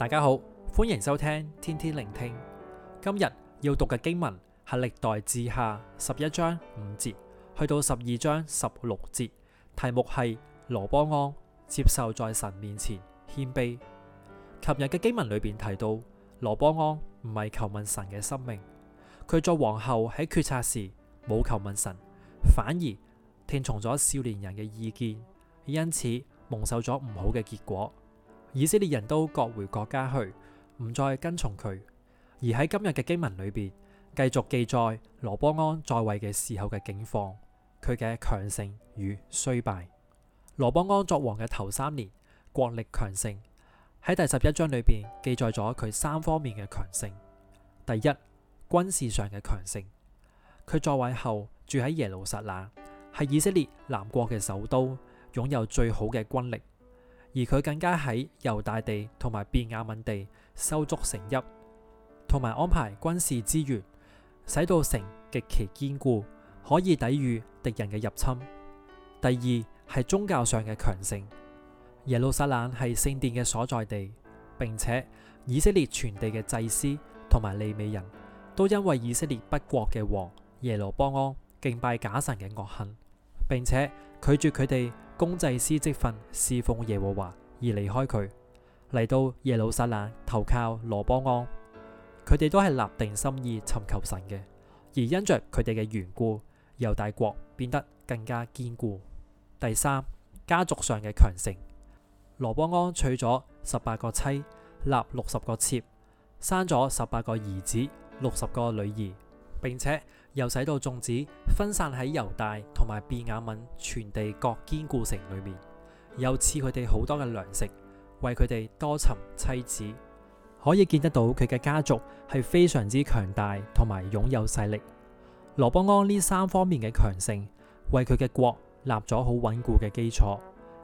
大家好，歡迎收聽天天靈聽。今日要讀嘅經文係歷代志下十一章五節去到十二章十六節，題目係羅波安接受在神面前謙卑。琴日嘅經文裏邊提到，羅波安唔係求問神嘅生命，佢作王後喺決策時冇求問神，反而聽從咗少年人嘅意見，因此蒙受咗唔好嘅結果。以色列人都各回各家去，唔再跟從佢。而喺今日嘅經文裏邊，繼續記載羅波安在位嘅時候嘅境況，佢嘅強盛與衰敗。羅波安作王嘅頭三年，國力強盛。喺第十一章裏邊記載咗佢三方面嘅強盛。第一，軍事上嘅強盛。佢在位後住喺耶路撒冷，係以色列南國嘅首都，擁有最好嘅軍力。而佢更加喺猶大地同埋便雅敏地修築城邑，同埋安排軍事資源，使到城極其堅固，可以抵禦敵人嘅入侵。第二係宗教上嘅強盛，耶路撒冷係聖殿嘅所在地，並且以色列全地嘅祭司同埋利未人都因為以色列北國嘅王耶羅波安敬拜假神嘅惡行，並且拒絕佢哋。供祭司職分侍奉耶和華而離開佢，嚟到耶路撒冷投靠羅波安，佢哋都係立定心意尋求神嘅，而因着佢哋嘅緣故，猶大國變得更加堅固。第三，家族上嘅強盛，羅波安娶咗十八個妻，立六十個妾，生咗十八個兒子，六十個女兒，並且。又使到眾子分散喺猶大同埋便雅憫全地各堅固城裏面，又賜佢哋好多嘅糧食，為佢哋多尋妻子，可以見得到佢嘅家族係非常之強大，同埋擁有勢力。羅波安呢三方面嘅強盛，為佢嘅國立咗好穩固嘅基礎，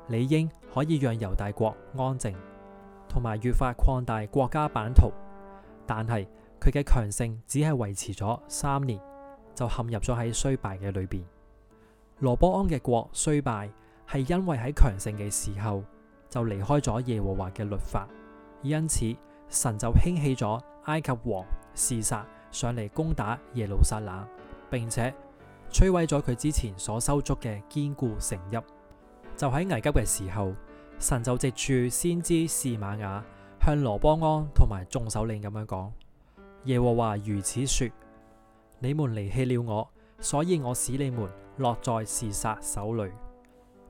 理應可以讓猶大國安靖，同埋越發擴大國家版圖。但係佢嘅強盛只係維持咗三年。就陷入咗喺衰敗嘅裏邊。羅波安嘅國衰敗係因為喺強盛嘅時候就離開咗耶和華嘅律法，因此神就興起咗埃及王示撒上嚟攻打耶路撒冷，並且摧毀咗佢之前所修築嘅堅固城邑。就喺危急嘅時候，神就藉住先知示瑪雅向羅波安同埋眾首領咁樣講：耶和華如此說。你們離棄了我，所以我使你們落在示撒手裏。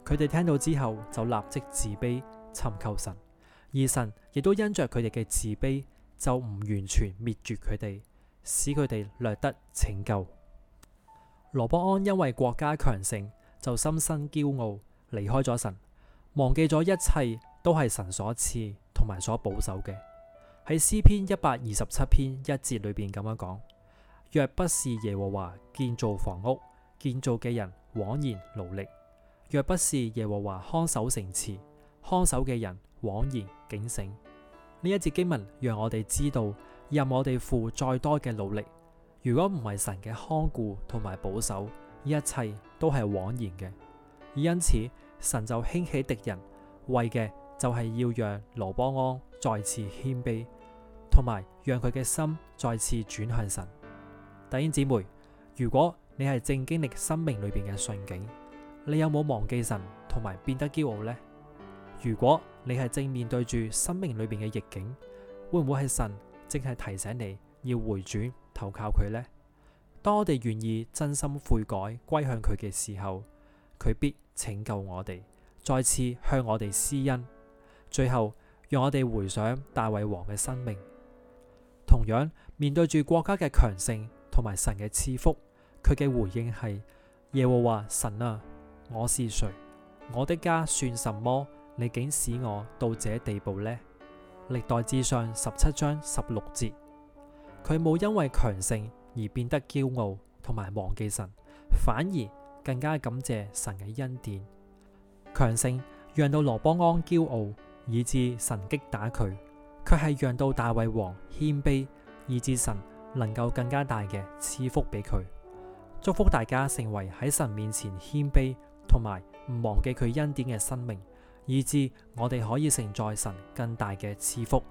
佢哋聽到之後就立即自卑，尋求神，而神亦都因着佢哋嘅自卑，就唔完全滅絕佢哋，使佢哋略得拯救。羅波安因為國家強盛，就心生驕傲，離開咗神，忘記咗一切都係神所賜同埋所保守嘅。喺詩篇一百二十七篇一節裏邊咁樣講。若不是耶和華建造房屋，建造嘅人枉然勞力；若不是耶和華看守城池，看守嘅人枉然警醒。呢一節經文讓我哋知道，任我哋付再多嘅努力，如果唔係神嘅看顧同埋保守，一切都係枉然嘅。因此，神就興起敵人，為嘅就係要讓羅波安再次謙卑，同埋讓佢嘅心再次轉向神。弟兄姊妹，如果你係正經歷生命裏邊嘅順境，你有冇忘記神同埋變得驕傲呢？如果你係正面對住生命裏邊嘅逆境，會唔會係神正係提醒你要回轉投靠佢呢？當我哋願意真心悔改歸向佢嘅時候，佢必拯救我哋，再次向我哋施恩。最後，讓我哋回想大衛王嘅生命，同樣面對住國家嘅強盛。同埋神嘅賜福，佢嘅回應係耶和華神啊，我是誰，我的家算什麼？你竟使我到這地步呢？歷代志上十七章十六節，佢冇因為強盛而變得驕傲同埋忘記神，反而更加感謝神嘅恩典。強盛讓到羅波安驕傲，以致神擊打佢，卻係讓到大衛王謙卑，以致神，能夠更加大嘅賜福俾佢，祝福大家成為喺神面前謙卑，同埋唔忘記佢恩典嘅生命，以致我哋可以承載神更大嘅賜福。